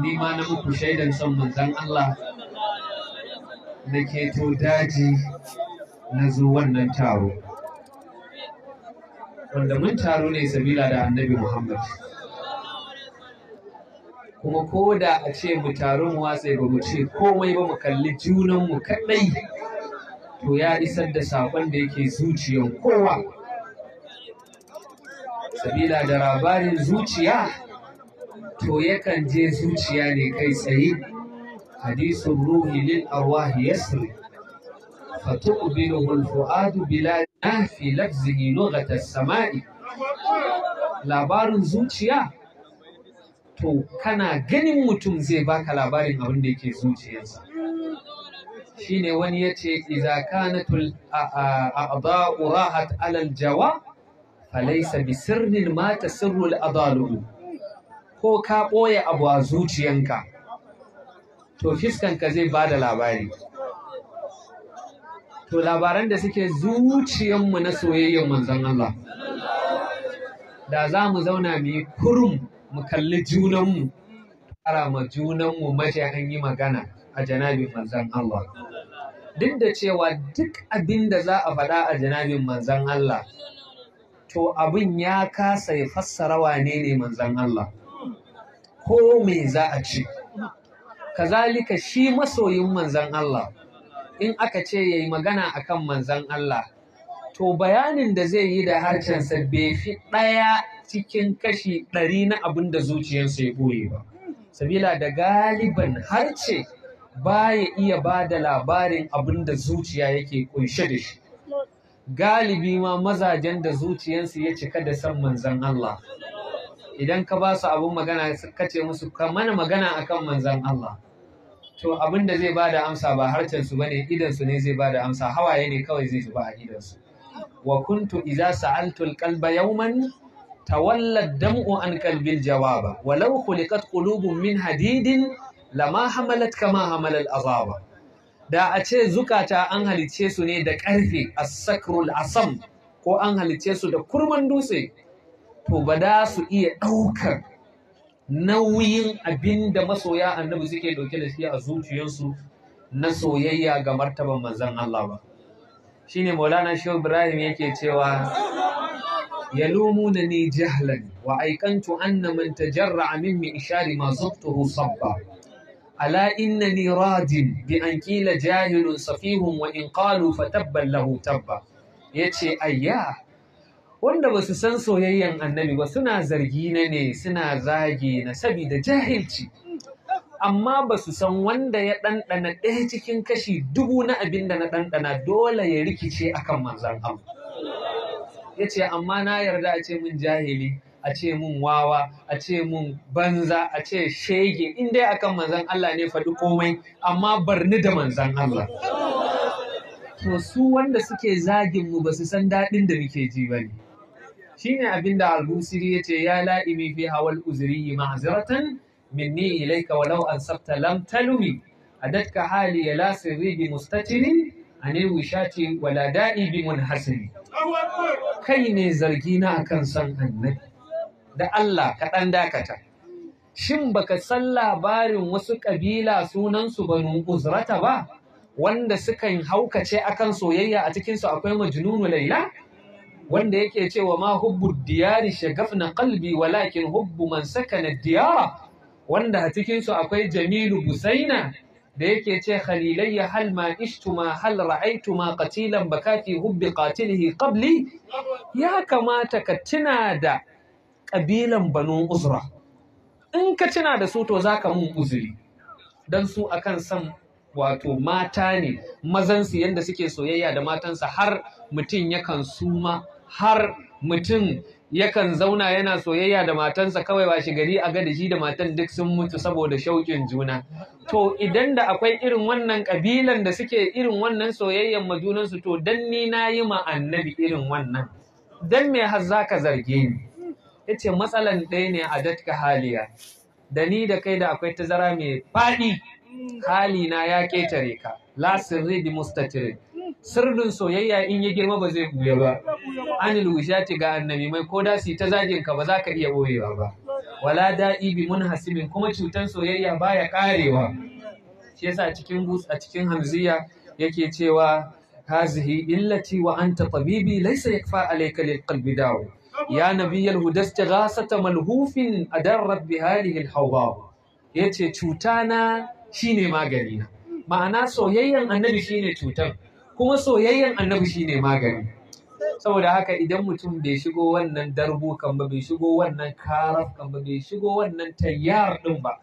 ni ma na muku shaidan son manzan Allah na keto daji na zo wannan taro wanda mun taro ne sabila da annabi Muhammad kuma ko da a ce mu taro mu watsa ba mu ce komai ba mu kalli junan mu kaɗai to ya isar da saƙon da yake zuciyan kowa sabila da labarin zuciya to yakan je zuciya ne kai tsaye hadisun ruhi lil arwahi yasri فتقبله bila بلا في لفظه لغة sama'i. labarin zuciya to kana ganin mutum zai baka labarin abin da yake zuciyarsa shine wani yace ce iza kanatul a'da'u rahat alal jawa falaysa bi sirrin ma tasirru al ko ka ɓoye abu a zuciyanka to ka zai ba da labari to labaran da suke zuciyanmu na soyayyar manzan Allah da za mu zauna mu yi kurum mu kalli junanmu ƙara ma junanmu mace an yi magana a janabin manzan Allah duk da cewa duk abin da za a faɗa a janabin manzan Allah to abin ya kasa ya fassara wane ne manzon Allah ko me za a ce kazalika shi masoyin manzan Allah in aka ce ya yi magana akan manzan Allah to bayanin da zai yi da harshensa bai fi ɗaya cikin kashi ɗari na abin da zuciyarsa ya ɓoye ba sabila da galiban harce baya iya ba da labarin abin da zuciya yake kunshe da shi galibi ma mazajen da zuciyarsu ya cika da san manzan Allah idan ka ba su abun magana ka ce musu ka mana magana akan manzan Allah to abin da zai ba da amsa ba harcen su ne, idan su ne zai ba da amsa hawaye ne kawai zai zuba a idan su wa kuntu idza sa'altu al-qalba yawman tawalla damu an qalbi al-jawaba walau khuliqat qulubun min hadidin lama hamalat kama hamala azaba da a ce zukata an halice su ne da ƙarfe as-sakrul asam ko an halice su da kurman dutse to ba da su iya ɗaukar nauyin abin da masoya annabi suke ɗauke da shi a zuciyarsu na soyayya ga martaban manzan Allah ba. Shi ne Maulana Shehu Ibrahim yake cewa, Ya lumu na ni jahlan wa aikantu anna man jarra min mi ishari ma zubtuhu sabba. Ala inna ni radin bi an kila jahilun safihun wa in qalu fa tabban lahu tabba. Ya ce, Ayya, wanda ba su san soyayyen annabi ba suna zargi na ne suna zagi na sabida jahilci amma ba su san wanda ya ɗanɗana ɗaya cikin kashi dubu na abin da na ɗanɗana dole ya rikice akan manzan abu ya ce amma na yarda a ce min jahili a ce mun wawa a ce mun banza a ce shege in dai akan manzan Allah ne faɗi komai amma barni da manzan Allah to su wanda suke zagin mu ba su san daɗin da muke ji ba ne shine abinda al-busiri yace ya la'imi fi hawal uzri ma'ziratan minni ilayka walau ansabta lam talumi adatka hali ya la sirri bi mustatirin ani wishati wala da'i bi munhasiri kai ne zargi na akan san annabi da Allah kaɗan dakata shin baka san labarin wasu ƙabila sunansu banu uzrata ba wanda sukan haukace akan soyayya a cikinsu akwai majnunu laila wanda yake cewa ma hubbu diyari shagafna qalbi walakin hubbu man sakana diyara wanda a cikin su akwai Jamilu Busaina da yake ce khalilayya hal ma ishtuma hal ra'aituma qatilan bakati hubbi qatilihi qabli ya kamata ka tuna da kabilan Banu Uzra in ka tuna da su to zaka mun uzuri dan su akan san wato mata ne mazansu yadda suke soyayya da matansa har mutum yakan suma har mutum yakan zauna yana soyayya da matansa kawai ba shi gari a gada shi da matan duk sun mutu saboda shauƙin juna to idan da akwai irin wannan ƙabilan da suke irin wannan soyayyan majunansu to dan ni na yi ma annabi irin wannan dan mai har za ka zarge ni ya ce matsalan ɗaya ne a datka haliya da ni da kai da akwai tazara mai faɗi halina ya ketare ka la sirri bi mustatirin sirrin soyayya in ya girma ba zai buya ba anil wishati ga annabi mai ko dasi ta zagin ka ba za ka iya boyewa ba wala da'i bi munhasimin kuma cutan soyayya baya karewa shi yasa cikin bus a cikin hamziya yake cewa hazihi illati wa anta tabibi laysa yakfa alayka lil qalbi da'u ya nabiyal hudaste ghasata malhufin adarrat bi halihi al hawa yace cutana shine magani na ma'ana soyayyan annabi shine cutan kuma soyayyen annabi shine magani saboda haka idan mutum bai shigo wannan darbu kan ba bai shigo wannan karaf kan ba bai shigo wannan tayyar din ba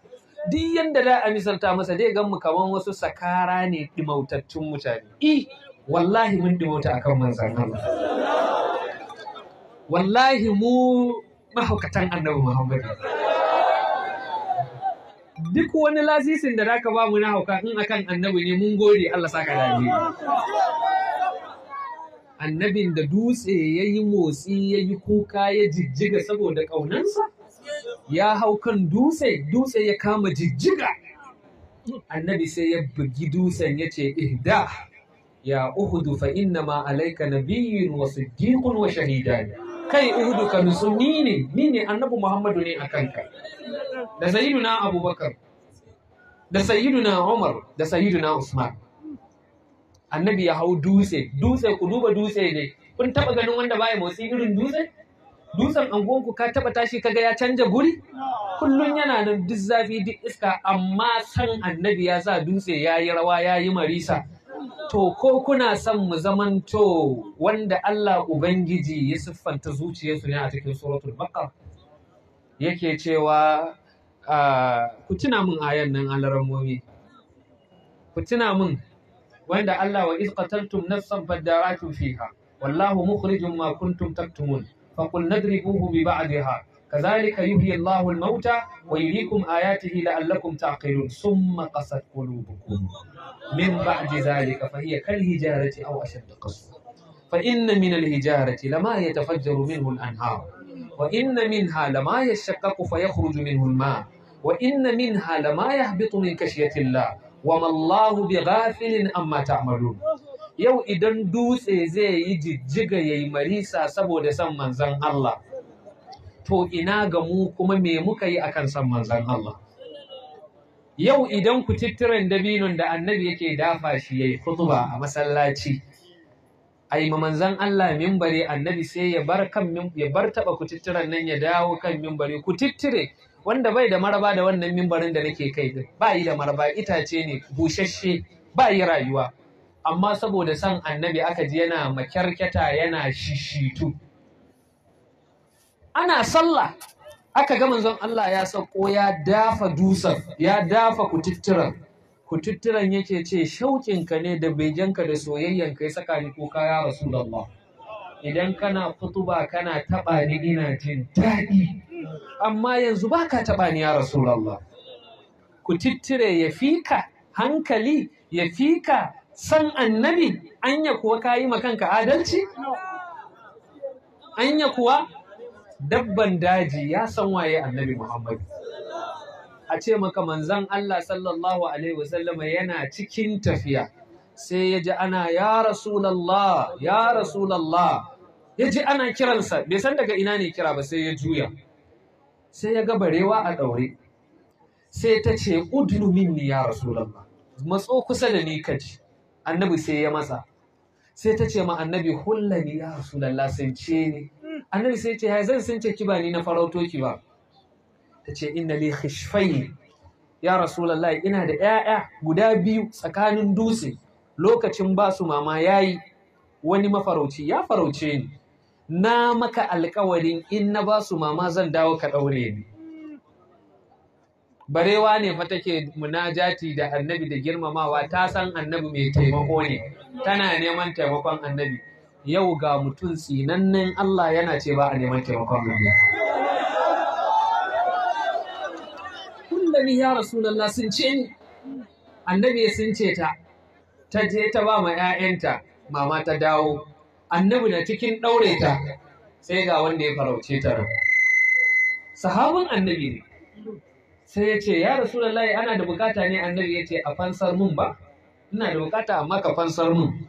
duk yanda da a misalta masa dai gan mu kaman wasu sakara ne dimautattun mutane i wallahi mun dimauta akan manzon Allah wallahi mu mahaukatan annabi Muhammad duk wani lasisin da zaka ba mu na hauka in akan annabi ne mun gode Allah saka da annabin da dutse ya yi motsi ya yi kuka ya jijjiga saboda ƙaunansa ya hau kan dutse dutse ya kama jijjiga annabi sai ya bugi dutsen ya ce ihda ya uhudu fa inna ma alaika nabiyyun wa siddiqun wa shahidan kai uhudu ka nusu ni ne ni ne annabi muhammadu ne a kanka da sayyiduna abubakar da sayyiduna umar da sayyiduna usman annabi ya hau dutse dutse ku duba dutse ne kun taba ganin wanda baya motsi irin dutse dutsen anguwanku ka taba tashi kaga ya canja guri kullun yana nan duk zafi duk iska amma san annabi ya sa dutse ya yi rawa ya yi marisa to ko kuna son mu zamanto wanda Allah Ubangiji ya siffanta zuciyarsu ne a cikin suratul baqar yake cewa ah, ku tuna min ayan nan alarammomi ku tuna min wanda Allah wa iz qataltum nafsan fadaratu fiha wallahu mukhrijum ma kuntum taktumun faqul nadribuhu bi ba'dihha كذلك يحيي الله الموتى ويريكم آياته لعلكم تعقلون ثم قست قلوبكم من بعد ذلك فهي كالهجارة أو أشد قسوة فإن من الهجارة لما يتفجر منه الأنهار وإن منها لما يشقق فيخرج منه الماء وإن منها لما يهبط من كشية الله وما الله بغافل أما تعملون yau idan dutse zai yi jijjiga ya yi marisa saboda san manzan Allah, to ina ga mu kuma me muka yi akan san manzan Allah. yau idan ku tittiran dabinon da annabi yake dafa shi yayi khutba a masallaci ai manzan Allah mimbari annabi sai ya bar kan ya bar taba ku tittiran nan ya dawo kan mimbari ku tittire wanda bai da maraba da wannan mimbarin da nake kai din ba yi da maraba itace ne bushashe ba yi rayuwa amma saboda san annabi aka ji yana makyarkyata yana shishitu ana sallah aka ga manzon Allah ya sauko ya dafa dusar ya dafa kututturan kututturan yake ce shauƙinka ne da ka da soyayyan ya saka ni koka ya rasulullah idan kana kutuba kana taɓa ni ina jin daɗi amma yanzu baka ka ni ya rasulullah kututture ya fika hankali ya fika san annabi anya kuwa ka yi makanka adalci anya kuwa dabban daji ya san waye annabi Muhammadu. A ce maka manzan Allah sallallahu Alaihi wasallam yana cikin tafiya, sai ya ji ana ya Rasulallah, ya Rasulallah, ya ji ana kiransa, bai san daga ina ne kira ba sai ya juya. Sai ya ga barewa a ɗaure, sai ta ce, Udnu minni ya Rasulallah, matso kusa da ni kaji, annabi sai ya masa Sai ta ce ma annabi hullani ya Rasulallah sai ce ni. annabi sai ce hai zan san ki ba ni na farautoki ba ta ce inna li khishfayn ya rasulullahi ina da 'ya'ya guda biyu tsakanin dutse lokacin ba su mama yayi wani mafarauci ya farauce ni na maka alƙawarin in na ba su mama zan dawo ka ɗaure ni barewa ne fa take munajati da annabi da girmamawa ta san annabi mai taimako ne tana neman taimakon annabi yau ga mutum tsinannen Allah yana ce ba a neman taimakon mu kullani ya rasulullah sun ce annabi sun ce ta ta je ta ba ma 'ya'yanta mama ta dawo annabi na cikin ɗaure ta sai ga wanda ya farauce ta sahabin annabi ne sai ya ce ya rasu ana da bukata ne annabi ya ce a fansar mun ba ina da bukata amma ka fansar mun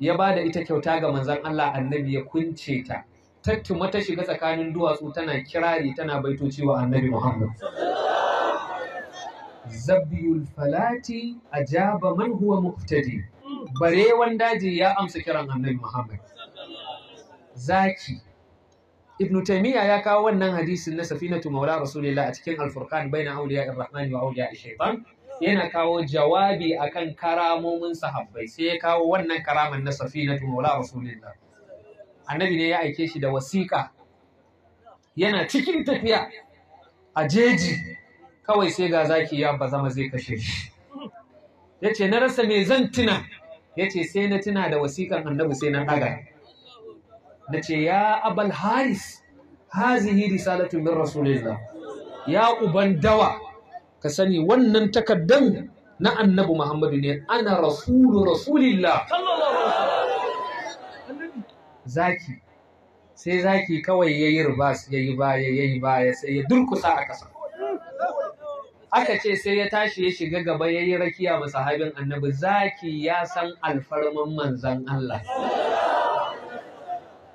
ya ba da ita kyauta ga manzan Allah annabi ya kunce ta tattuma ta shiga tsakanin duwatsu tana kirari tana baitoci wa annabi Muhammad zabiyul falati ajaba man huwa bare barewan daji ya amsa kiran annabi Muhammad zaki ibn taymiya ya kawo wannan hadisin na safinatu maula rasulillah a cikin al-furqan baina awliya ar-rahman wa yana kawo jawabi akan karamomin sahabbai sai ya kawo wannan karaman na safinatu mola rasulillah annabi ne ya aike shi da wasiƙa yana cikin tafiya a jeji kawai sai ga zaki ya ba zama zai kashe shi yace na rasa me zan tuna yace sai na tuna da wasiƙan annabi sai na ɗaga nace ya abal haris hazihi risalatu min rasulillah ya uban dawa ka sani wannan takaddan na annabi Muhammadu ne ana rasulu rasulillah zaki sai zaki kawai ya yi ribas ya yi baya ya yi baya sai ya durkusa a ƙasa aka ce sai ya tashi ya shiga gaba ya yi rakiya ma sahabin annabi zaki ya san alfarman manzan Allah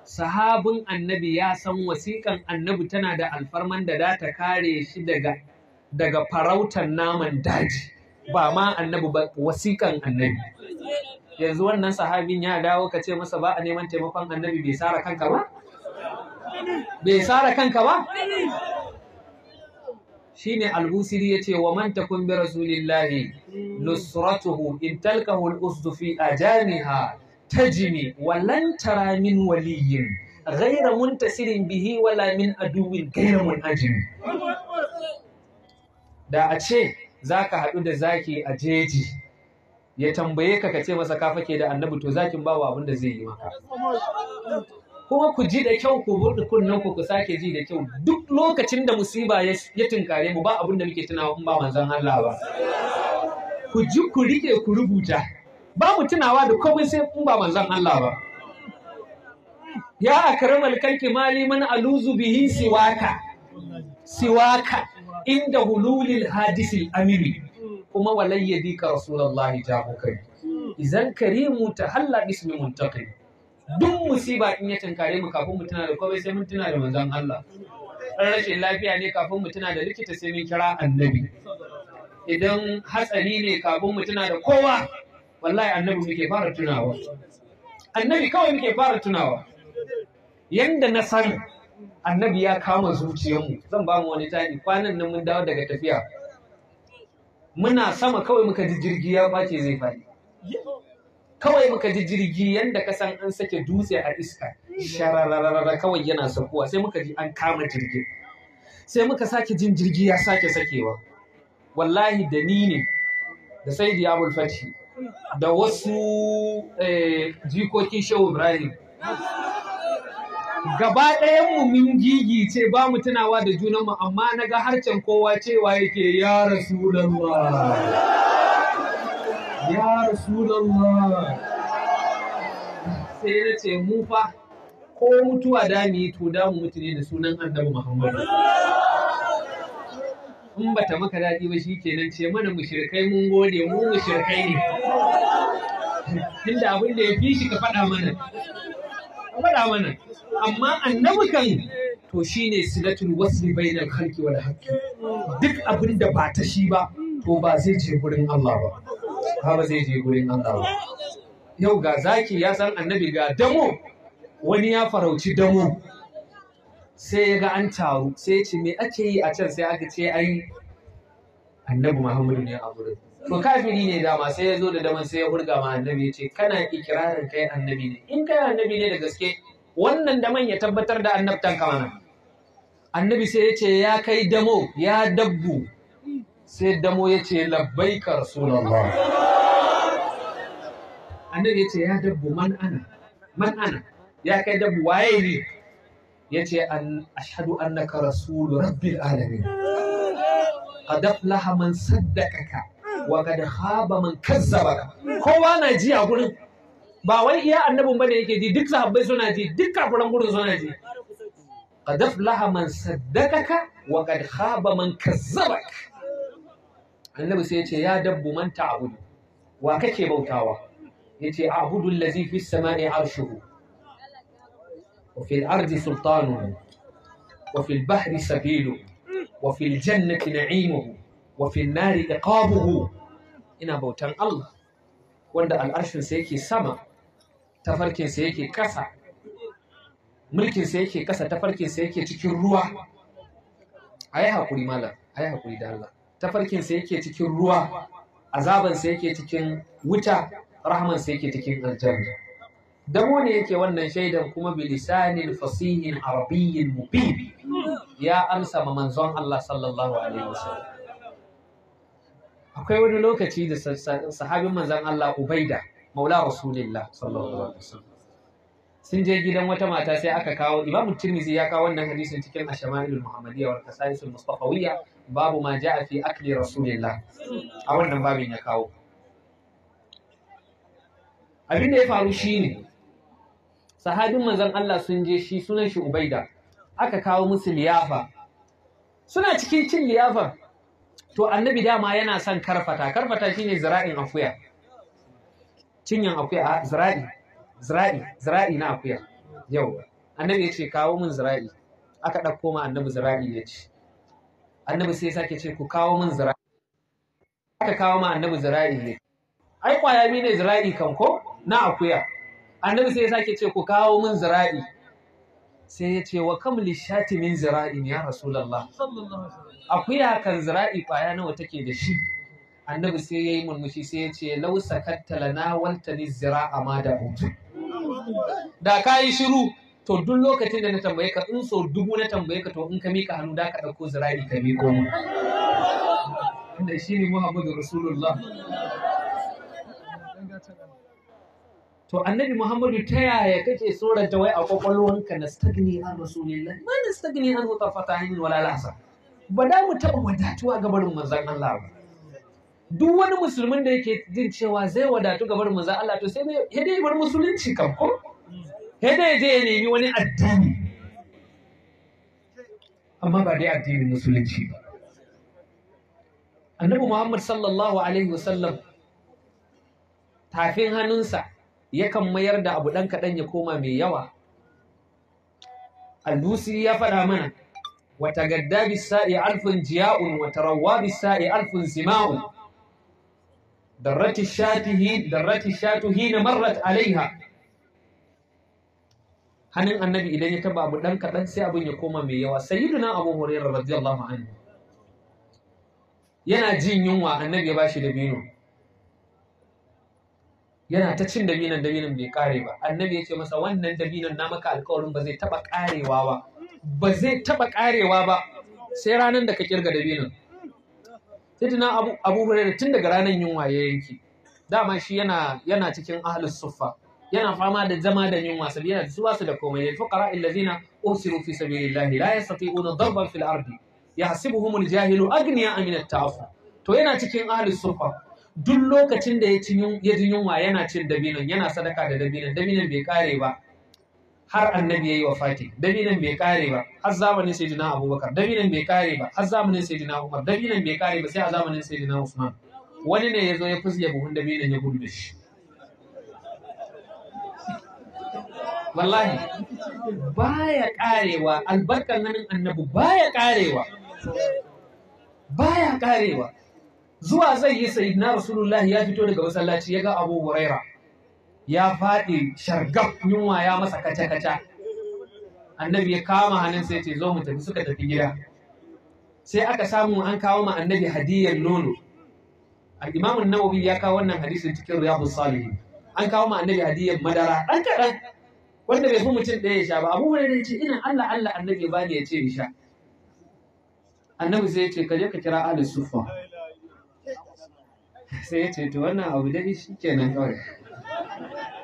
sahabin annabi ya san wasiƙan annabi tana da alfarman da za ta kare shi daga daga farautar naman daji ba ma annabi ba wasikan annabi yanzu wannan sahabin ya dawo ka ce masa ba a neman taimakon annabi bai sara kanka ba bai sara kanka ba shine al-busiri yace wa man takun bi rasulillahi nusratuhu in talkahu al-usdu fi ajaniha tajmi wa lan tara min waliyyin ghayra muntasirin bihi wala min aduwin ghayra munajim da a ce za ka haɗu da zaki a jeji ya tambaye ka ka masa ka fake da annabi to zakin ba wa abin da zai yi maka kuma ku ji da kyau ku buɗe kunnen ku ku sake ji da kyau duk lokacin da musiba ya tunkare mu ba abin da muke tunawa in ba manzon Allah ba ku ji ku rike ku rubuta ba mu tunawa da komai sai in ba manzon Allah ba ya akramal kanki mali man aluzu bihi siwaka siwaka inda hululil hadisil amiri hmm. kuma walayyadi ka rasulullahi jago kai hmm. izan karimu ta halla ismi muntaqim duk musiba in ya tankare mu kafin mu tana da komai sai mun tana da manzon Allah ɗan rashin lafiya ne kafin mu tana da likita sai mun kira annabi idan hatsari ne kafin mu tana da kowa wallahi annabi muke fara tunawa annabi kawai muke fara tunawa yanda na sani annabi ya kama zuciyarmu zan ba mu wani tani kwanan nan mun dawo daga tafiya muna sama kawai muka ji jirgi ya bace zai fadi kawai muka ji jirgi yanda ka san an sake dutse a iska shararararar kawai yana sakuwa sai muka ji an kama jirgi sai muka sake jin jirgi ya sake sakewa wallahi da ni ne da sai diyabul fashi da wasu eh, jikokin shehu ibrahim gaba ɗayan mu mun ce, ba mu tunawa da junanmu amma na ga harcen kowa cewa yake ya rasulallah ya rasulallah sai na ce mu fa ko mutuwa da mu yi to da mu mutu ne da sunan annabi muhammadu in ba ta maka daɗi ba shikenan ce mana mushirkai mun gode mu mushirkai ne tunda abin da ya fi shi ka faɗa mana a faɗa mana amma annabi kan to shine silatul wasli bainal khalqi wal haqqi duk abin da ba ta shi ba to ba zai je gurin Allah ba ba ba zai je gurin Allah ba yau ga zaki ya san annabi ga damo wani ya farauci damo sai ya ga an taru sai ya ce me ake yi a can sai aka ce ai annabi Muhammadu ne a gurin to kafiri ne dama sai ya zo da daman sai ya hurga ma annabi ya ce kana ikirarin kai annabi ne in kai annabi ne da gaske wannan daman ya tabbatar da annabtan kamana annabi sai ya ce ya kai damo ya dabbu sai damo ya ce labbaika rasulullah annabi ya ce ya dabbu man ana man ana ya kai dabbu waye ne ya ce ashhadu annaka rasul rabbil alamin qad aflaha man saddaqaka wa kad khaba man kazzaba kowa na ji a gurin ba wai iya annabin bane yake ji duk sahabbai suna ji duk kafiran gurin suna ji qad aflaha man saddaqaka wa qad khaba man kazzabak annabi sai ya ce ya dabbu man ta'budu wa kake bautawa yace a'budu allazi fi samai arshuhu wa fil ardi sultanuhu wa fil bahri sabiluhu wa fil jannati na'imuhu wa fi nari iqabuhu ina bautan Allah wanda al'arshin sa yake sama tafarkin sa yake ƙasa, mulkin yake ƙasa tafarkin sa yake cikin ruwa A haƙuri mala malam yi haƙuri da Allah tafarkin sa yake cikin ruwa azaban yake cikin wuta rahman yake cikin aljanna damo ne yake wannan shaidan kuma bilisanin fasihin arabiyyin mubin ya amsa ma manzon Allah sallallahu alaihi wasallam akwai wani lokaci da sahabin manzan Allah Ubaida maula rasulillah sallallahu alaihi wasallam sun je gidan wata mata sai aka kawo imamu Tirmidhi ya kawo wannan hadisin cikin Ashama'ilul Muhammadiyya wal Qasaisul Mustafawiyya babu ma ja'a fi akli rasulillah a wannan babin ya kawo abin da ya faru shine sahabin manzon Allah sun je shi sunan shi Ubaida aka kawo musu liyafa suna cikin cin liyafa to annabi dama yana son karfata karfata shine zira'in akuya cinyan akuya zira'i zira'i zira'i na akuya yau annabi ya ce kawo min zira'i aka ɗauko ma annabi zira'i ya ce annabi sai sake ce ku kawo min zira'i aka kawo ma annabi zira'i ne ai kwaya biyu ne zira'i kan ko na akuya annabi sai sake ce ku kawo min zira'i sai ya ce wa kam lishati min zira'i ya rasulullah sallallahu alaihi akuya kan zira'i kwaya nawa take da shi annabi sai ya yi murmushi sai ya ce lau sakatta na waltani zira'a ma da hutu da ka yi shiru to duk lokacin da na tambaye ka in so dubu na tambaye ka to in ka mika hannu da ka ɗauko zira'i ka miƙo mu wanda shi ne muhammadu rasulullah to annabi muhammadu ta yaya kake tsoron wai a kwakwalwanka na stagni an rasulillah ma na stagni an fata hanyar wala lasa ba da mu taɓa wadatuwa ga barin manzan Allah ba duk wani musulmin da yake jin cewa zai wadatu ga barin manzan Allah to sai ya dai bar musulunci kan ko ya dai je ya nemi wani addini amma ba dai addinin musulunci ba annabi Muhammad sallallahu alaihi wasallam tafin hannunsa yakan mayar da abu ɗan kaɗan ya koma mai yawa. al ya faɗa mana wata بالساء ألف جياء وتروى بالساء ألف زماء درت الشاة هين درت الشاة هين مرت hannun annabi idan ya taba abu ɗan kaɗan sai abin ya koma mai yawa sai sayyiduna abu hurairah radiyallahu anhu yana jin yunwa annabi ya ba shi dabino yana ta cin dabinon dabinon bai kare ba annabi ya ce masa wannan dabinon na maka alkawarin ba zai taba karewa ba ba zai taɓa ƙarewa ba sai ranar da ka kirga dabinin sai tuna abu da tun daga ranar yunwa ya yanki dama shi yana yana cikin ahlus suffa yana fama da zama da yunwa sabi yana su basu da komai lil fuqara allazina usiru fi sabilillahi la yastati'una darban fil ardi yahsibuhumul jahilu agniya min at to yana cikin ahlus suffa duk lokacin da ya ji yunwa yana cin dabinan yana sadaka da dabinan dabinan bai kare ba har annabi yayi wafati dabinan bai kare ba har zamanin sayyidina abubakar dabinan bai kare ba har zamanin sayyidina umar dabinan bai kare ba sai a zamanin sayyidina usman wani ne yazo ya ya buhun dabinan ya gudu da shi wallahi baya karewa albarkar nan annabi baya karewa baya karewa zuwa zai yi sayyidina rasulullahi ya fito daga masallaci ya ga abu huraira ya faɗi shargaf yunwa ya masa kaca-kaca annabi ya kama hannun sai ce zo mu tafi suka tafi gida sai aka samu an kawo ma annabi hadiyar nono al-imam nawawi ya kawo wannan hadisin cikin riyadus salihin an kawo ma annabi hadiyar madara dan kadan wanda bai fi mutum ɗaya ya sha ba abu hurairah ce ina Allah Allah annabi ba ya ce ya sha annabi sai ya ce ka je ka kira Ali Sufa. sai ya ce to wannan abu dai kenan kawai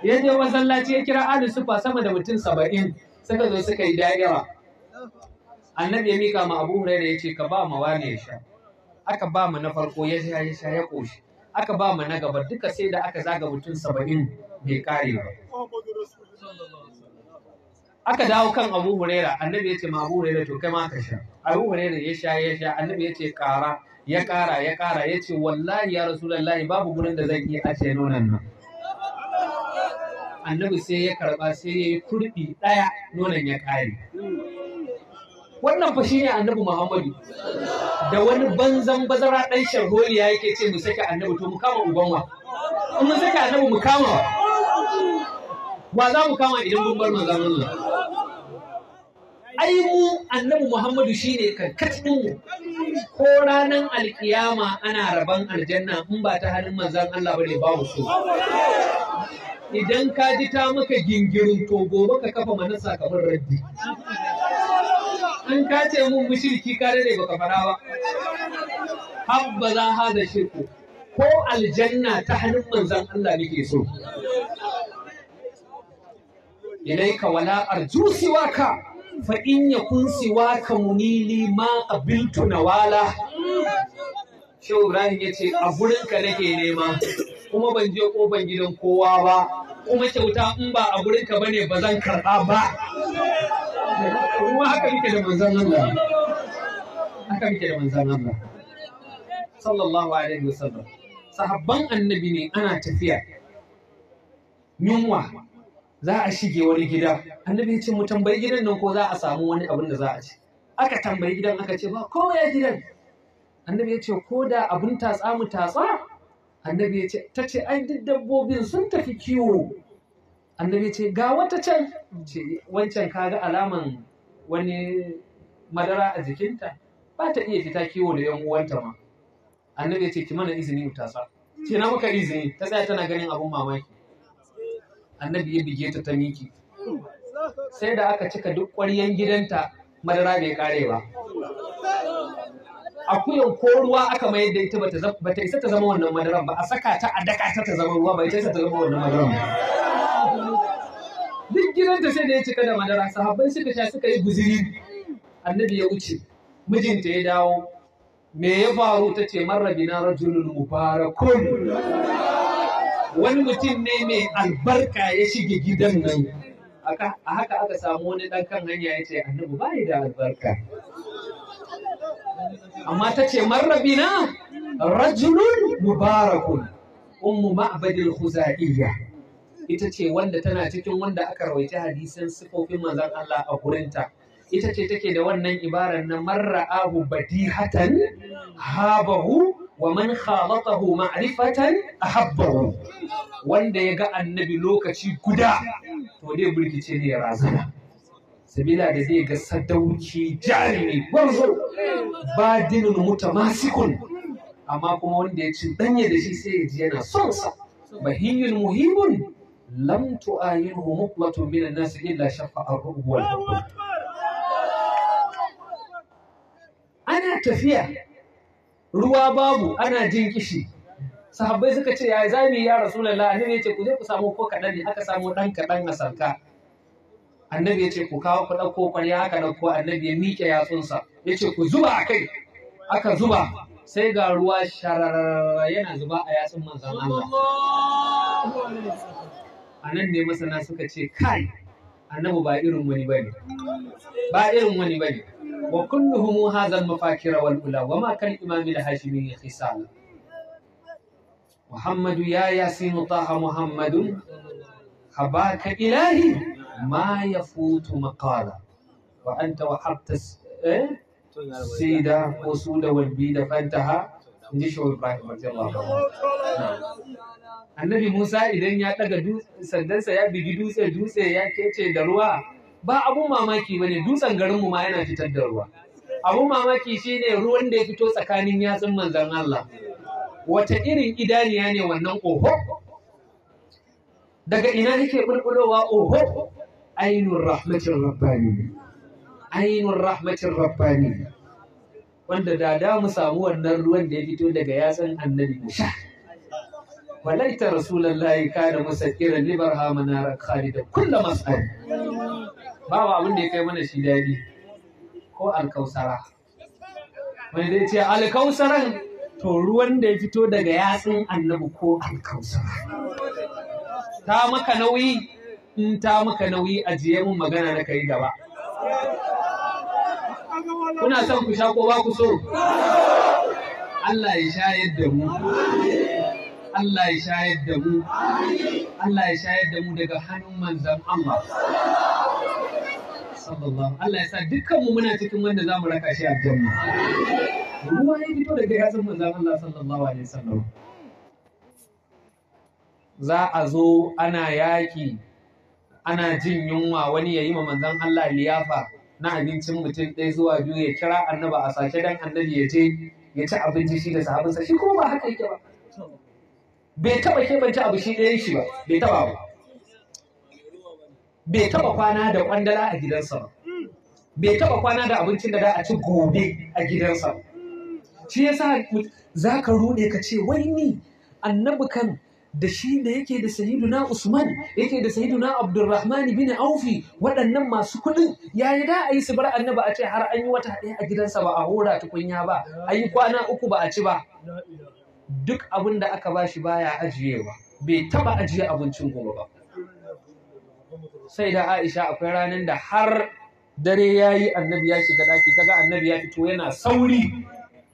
ya je masallaci ya kira ahli sufa sama da mutum saba'in suka zo suka yi dagewa annabi ya mika ma abu hurairah ya ce ka ba ma wani ya sha aka ba mu na farko ya sha ya sha ya koshi aka ba mu na gaba duka sai da aka zaga mutum saba'in bai kare ba aka dawo kan abu huraira annabi ya ce ma abu huraira to kai ma ka sha abu huraira ya sha ya sha annabi ya ce kara ya kara ya kara ya ce wallahi ya rasulallah babu gurin da zan iya ajiye nonon nan annabi sai ya karba sai ya yi kurfi ɗaya nonon ya ƙare wannan fa shine annabi muhammadu da wani banzan bazara ɗan sharholiya yake ce mu saka annabi to mu kama ubanwa in mun saka annabi mu kama wa za mu kama idan mun bar manzon Allah ai mu annabi muhammadu shine karkacin mu ko ranar alkiyama ana rabon aljanna in ba ta halin manzon Allah bane babu so idan ka ji ta maka gingirin to gobe ka kafa mana sakamakon raddi An ka ce mun mushriki ka dare baka fara ba habba za da shirku ko aljanna ta hannun manzon Allah nake so ilaika wala arju siwaka fa in yakun siwaka munili ma abiltu nawala Shehu Ibrahim ya ce a gurinka nake nema kuma ban je kofar gidan kowa ba kuma kyauta in ba a gurin ka bane ba zan karɓa ba kuma haka yake da manzon Allah haka yake da manzon Allah sallallahu alaihi wasallam sahabban annabi ne ana tafiya yunwa za a shige wani gida annabi ya ce mu tambayi gidan nan ko za a samu wani abin da za a ci aka tambayi gidan aka ce ba komai ya gidan annabi ya ce ko da abin tatsa mu tatsa annabi ya ce ta ce ai duk dabbobin sun tafi kiwo annabi ya ce ga wata can ce wancan kaga alaman wani madara a jikinta ba ta iya fita kiwo da yan uwanta ma annabi ya ce ki mana izini mu tasa ce na muka izini ta tsaya tana ganin abun mamaki annabi ya bige ta ta miki sai da aka cika duk ƙwaryen gidanta madara bai kare ba akuyan ko ruwa aka mayar da ita ba ta isa ta zama wannan madaran ba a saka ta a daka ta ta zama ruwa ba ita isa ta zama wannan madaran ba duk gidanta sai da ya cika da madara sahabbai suka sha suka yi guziri annabi ya wuce mijinta ya dawo me ya faru ta ce marrabina rajulun mubarakun wani mutum ne mai albarka ya shige gidan nan a haka aka samu wani ɗan kan hanya ya ce annabi ba da albarka amma ta ce marrabina rajulun mubarakun ummu ma'badil khuzaiya ita ce wanda tana cikin wanda aka rawaita hadisan sifofin manzon Allah a gurinta ita ce take da wannan ibarar na marra'ahu badihatan habahu wa man khalatahu ma'rifatan ahabbahu wanda ya ga annabi lokaci guda to dai ce ne ya razana sabila da zai ga sadauki jarumi gwarzo muta masikun. amma kuma wanda ya ci danye da shi sai ya ji yana son sa bahiyyun muhimun lam tu'ayinhu muqlatu min an-nas illa shaffa ar wal ana tafiya ruwa babu ana jin kishi sahabbai suka ce ya zami ya rasulullahi ne ce ku je ku samu ko kadan ne aka samu dan kadan a sarka annabi ya ce ku kawo ku ɗauko ƙwarya aka ɗauko annabi ya miƙe yatsunsa ya ce ku zuba a kai aka zuba sai ga ruwa shararra yana zuba a yatsun manzan Allah a nan ne masana suka ce kai annabi ba irin wani bane ba irin wani bane wa kulluhum hadha al-mafakira wal ula wa ma kan imam al-hashimi khisal محمد يا ياسين طه محمد حباك إلهي ma ya futu makara wa an ta wahabta sida ko su da walbi da fantaha in ji shawar bayan radiyallahu annabi musa idan ya daga sandansa ya bugi dutse dutse ya kece da ruwa ba abun mamaki bane dutsen garinmu ma yana fitar da ruwa abun mamaki shine ruwan da ya fito tsakanin yatsun manzan Allah wata irin idaniya ne wannan oho daga ina yake bulbulowa oho ainun rahmatin rabbani ainun rahmatin rabbani wanda da da mu samu wannan ruwan da ya fito daga yatsan annabi Musa walaita rasulullahi kana musakira libar hamana khalida kullu mas'al babu abin da ya kai mana shi dadi ko alkausara wani dai ce alkausaran to ruwan da ya fito daga yatsun annabi ko alkausara ta maka nauyi in ta maka nauyi ajiye mun magana na kai gaba kuna son ku sha ko ba ku so Allah ya shayar da mu Allah ya shayar da mu Allah ya shayar da mu daga hannun manzan Allah sallallahu Allah ya sa dukkan mu muna cikin wanda zamu raka shi a jamma. ruwa ya fito daga yatsun manzan Allah sallallahu alaihi wasallam za a zo ana yaki ana jin yunwa wani ya yi ma manzan Allah liyafa na abincin mutum ɗaya zuwa biyu ya kira annaba a sake dan annabi ya ce ya ci abinci shi da sahabinsa shi kuma ba haka yake ba bai taba keɓance abu shi ɗayan shi ba bai taba ba bai taba kwana da kwandala a gidansa ba bai taba kwana da abincin da za a ci gobe a gidansa ba shi yasa za ka ruɗe ka ce wai ni annabi kan da shi da yake da na Usman yake da na Abdurrahman bin Aufi waɗannan masu kuɗin yi da a yi su bar annaba a ce har an yi wata ɗaya a gidansa ba a hora tukunya ba a yi kwana uku ba a ci ba duk abin da aka ba bashi baya ajiyewa bai taba ajiye abincin goma ba sai da Aisha akwai ranar da har dare ya yi annabi ya shiga daki kaga annabi ya fito yana sauri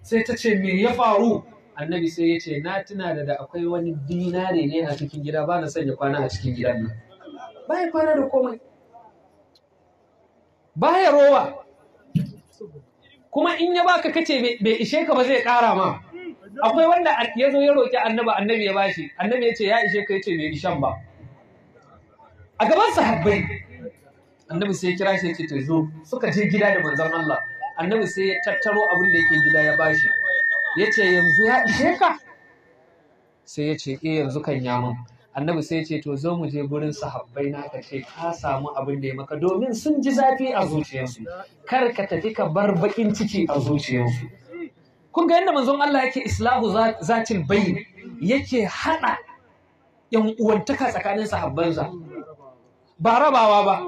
sai ta ce me ya faru annabi sai ya ce na tuna da akwai wani dinare ne a cikin gida ba na sanya kwana a cikin gidan nan ya kwana da komai Ba ya rowa kuma in ya baka kace bai ishe ka ba zai kara ma akwai wanda ya zo ya roki annabi annabi ya bashi annabi ya ce ya ishe ka yace bai ishan ba a gaban sahabbai annabi sai ya kira shi ya ce to zo suka je gida da manzon Allah annabi sai ya tattaro abin da yake gida ya bashi ya ce yanzu ya ishe ka sai ya ce eh yanzu kan ya mun annabi sai ya ce to zo mu je gurin sahabbai na ka ce ka samu abin da ya maka domin sun ji zafi a zuciyarsu kar ka tafi ka bar bakin ciki a zuciyarsu kun ga yadda manzon Allah yake islahu zatin bayyin yake hada yan uwantaka tsakanin sahabbansa ba rabawa ba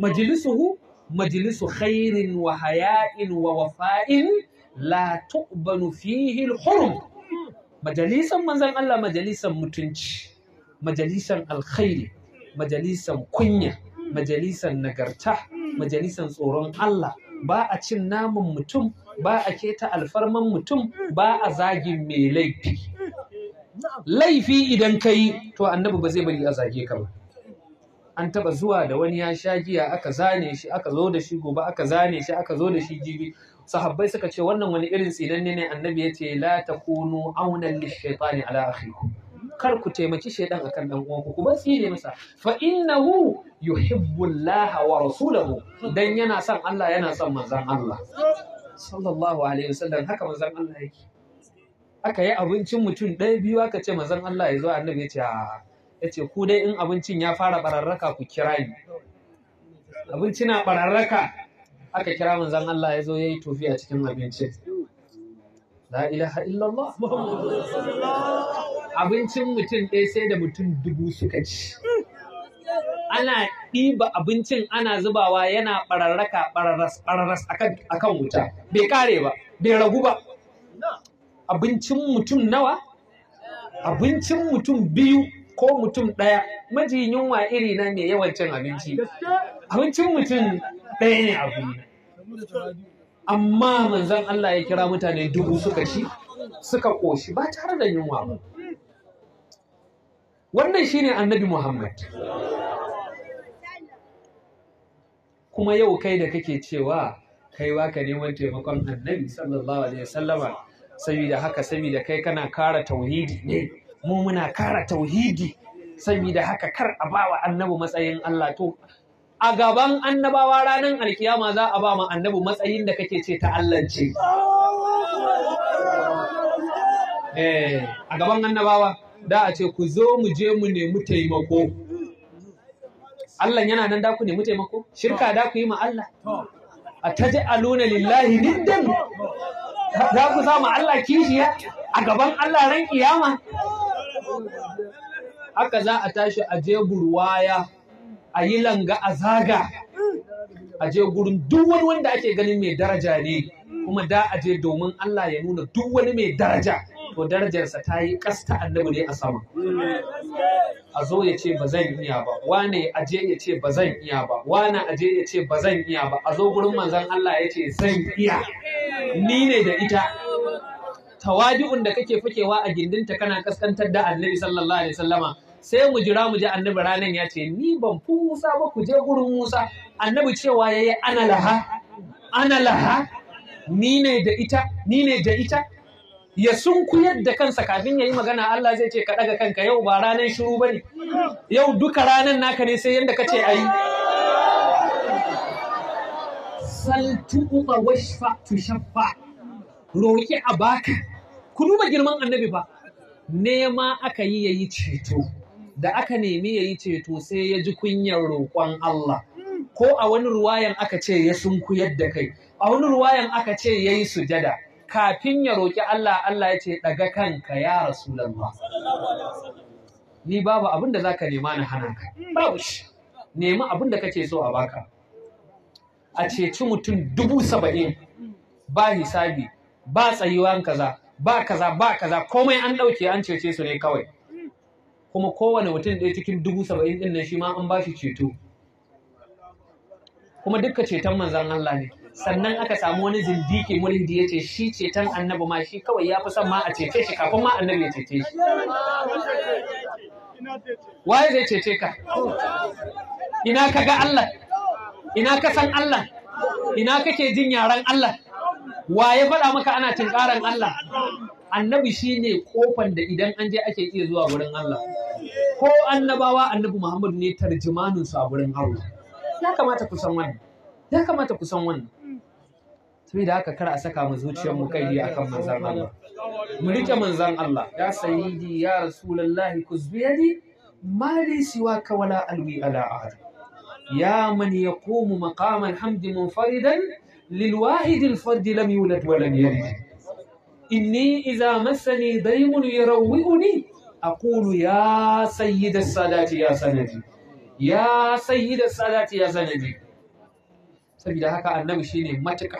majalisuhu majlisu khairin wa haya'in wa wafa'in la tuqbanu fihi al-hurum majalisan manzan Allah majalisan mutunci majalisan alkhairi majalisan kunya majalisan nagarta majalisan tsoron Allah ba a cin naman mutum ba a keta alfarman mutum ba a zagin mai laifi laifi idan ka yi to annabi ba zai bari a zage ka ba an taba zuwa da wani ya sha giya aka zane shi aka zo da shi gobe aka zane shi aka zo da shi jibi sahabbai suka ce wannan wani irin tsinanne ne annabi ya ce la takunu aunan lishaitani ala akhikum kar ku taimaki shaidan akan dan uwanku ku bar tsine masa fa innahu yuhibbu Allah wa rasulahu dan yana son Allah yana son manzon Allah sallallahu alaihi wasallam haka manzon Allah yake aka yi abincin mutum ɗaya biyu aka ce manzon Allah ya zo annabi ya ce ya ce ku dai in abincin ya fara bararraka ku kira ni abinci na bararraka aka kira manzan Allah ya zo ya yi tofi a cikin abinci la ilaha illallah abincin mutum ɗaya sai da mutum dubu suka ci ana ɗiba abincin ana zubawa yana ɓararraka ɓararras ɓararras kan wuta bai kare ba bai ragu ba abincin mutum nawa abincin mutum biyu ko mutum ɗaya majiyin yunwa iri na mai yawan cin abinci abincin mutum ɗaya ne a ne amma manzan Allah ya kira mutane dubu suka shi, suka ƙoshi ba tare da yunwa ba wannan shi ne annabi Muhammad kuma yau kai da kake cewa kai ka neman taimakon annabi sallallahu alaihi wasallama saboda haka saboda kai kana kara tauhidi ne mu muna kara tauhidi saboda haka kar a bawa annabi matsayin Allah to a gaban annabawa ranar alkiyama za a ba ma annabi matsayin da kake ce ta eh, A gaban annabawa da a ce ku zo mu je mu nemi taimako. Allah yana nan da ku nemi taimako? Shirka da ku yi ma Allah. A ta ji aluna lillahi niddan za ku samu Allah kishiya a gaban Allah ran kiyama. Haka za a tashi a je burwaya a yi langa a zaga a je gurin duk wani wanda ake ganin mai daraja ne kuma da a je domin Allah ya nuna duk wani mai daraja to darajarsa ta yi kasta annabi ne a sama a zo ya ce ba zan iya ba wane a je ya ce ba zan iya ba wane a je ya ce ba zan iya ba a zo gurin manzon Allah ya ce zan iya ni ne da ita tawadi'un da kake fakewa a gindinta kana kaskantar da annabi sallallahu alaihi wasallama sai mu jira mu je annabi ranan ya ce ni ban fi Musa ba ku je gurin Musa annabi cewa yayi ana laha ana laha ni ne da ita ni ne da ita ya sunkuyar da kansa kafin ya yi magana Allah zai ce ka ɗaga kanka yau ba ranar shiru ba ne yau duka ranar naka ne sai yadda ka ce a yi saltuɓa washfa tu shaffa roƙi a baka ku girman annabi ba nema aka yi ya yi ceto da aka nemi ya yi ceto sai ya ji kunyar roƙon Allah. Mm. Ko a wani ruwayan aka ce ya sunkuyar da kai, a wani ruwayan aka ce ya yi sujada, kafin ya roƙi Allah, Allah ya ce ɗaga kanka ya Rasulallah. Ni babu abin da za ka nema na hana ka, mm. babu shi, nemi abin da kake so a baka. A ceci mutum dubu saba'in ba hisabi, ba tsayuwan kaza, ba kaza, ba kaza, komai an ɗauke an cece su ne kawai. kuma kowane mutum ɗaya cikin dubu saba'in ɗin nan shi ma an ba shi ceto kuma dukka ceton manzan Allah ne sannan aka samu wani zindiki wurin da ya ce shi ceton annabi ma shi kawai ya fi son ma a cece shi kafin ma annabi ya cece shi waye zai cece ka ina ka ga Allah ina ka san Allah ina kake jin yaren Allah Waye faɗa maka ana ƙaran Allah annabi ne kofan da idan an je ake iya zuwa wurin Allah ko annabawa annabi Muhammadu ne tarjumanin su a wurin Allah ya kamata ku san wannan ya kamata ku san wannan saboda haka kar a saka mu zuciyar mu kai akan manzan Allah mu rike manzan Allah ya sayyidi ya rasulullahi ma mali siwa ka wala alwi ala ahad ya man yaqumu maqama alhamdi munfaridan lilwahid alfard lam yulad wa lam inni iza masani daimun A Kulu ya da salati ya sanadi ya da salati ya sanadi saboda haka annabi shine matuka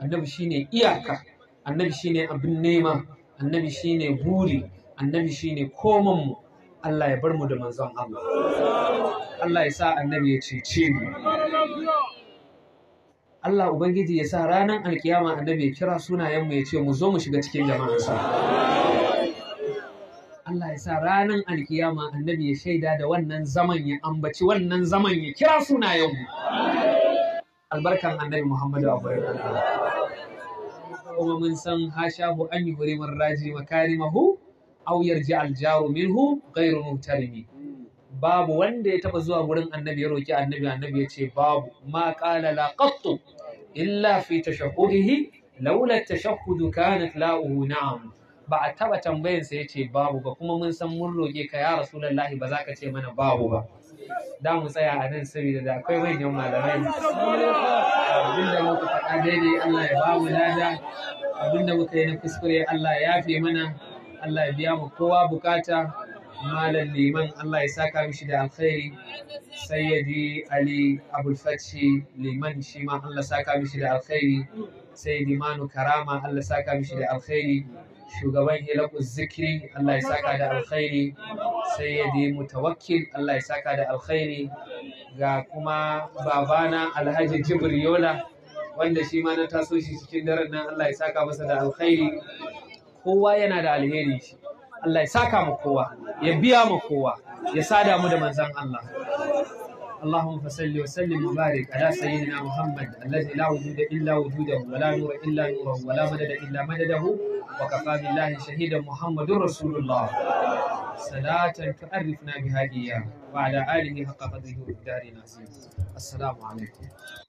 annabi shine iyaka annabi shine abin nema annabi shine buri annabi shine koman mu Allah ya bar mu da manzon Allah Allah ya sa annabi ya cece mu Allah Ubangiji ya sa ranar alkiyama annabi ya kira sunayenmu ya ce mu zo mu shiga cikin jama'arsa. Allah ya sa ranar alkiyama annabi ya shaida da wannan zaman ya ambaci wannan zaman ya kira sunayenmu. albarkar annabi Muhammadu Abubakar. Kuma mun san hashahu an yi hurimin raji mahu auyar ji aljaru minhu gairu mutarimi. babu wanda ya taba zuwa wurin annabi ya roki annabi annabi ya ce babu ma qala la qattu illa fi tashahhudihi laula at-tashahhud kanat la'uhu na'am ba a taba tambayan sa yace babu ba kuma mun san mun roke ka ya rasulullahi ba za ka ce mana babu ba da mu tsaya a nan saboda da akwai manyan malamai abinda muka faɗa daidai Allah ya ba mu lada abinda muka yi na kuskure Allah ya yafe mana Allah ya biya mu kowa bukata malam liman Allah ya saka mishi da alkhairi sayyadi ali abulfaci liman shi ma Allah saka mishi da alkhairi sayyadi manu karama Allah saka mishi da alkhairi shugaban hilaku Zikri, Allah ya saka da alkhairi sayyadi mutawakkil Allah ya saka da alkhairi ga kuma babana alhaji jibriyola wanda shi ma na taso shi cikin daren nan Allah ya saka masa da alkhairi kowa yana da alheri Allah ya saka mu kowa ya biya mu kowa ya sada mu da manzon Allah اللهم فصل وسلم وبارك على سيدنا محمد الذي لا وجود الا وجوده ولا نور الا نوره ولا مدد الا مدده وكفى بالله شهيدا محمد رسول الله صلاة تعرفنا بها اياه وعلى اله حق قدره ودار السلام عليكم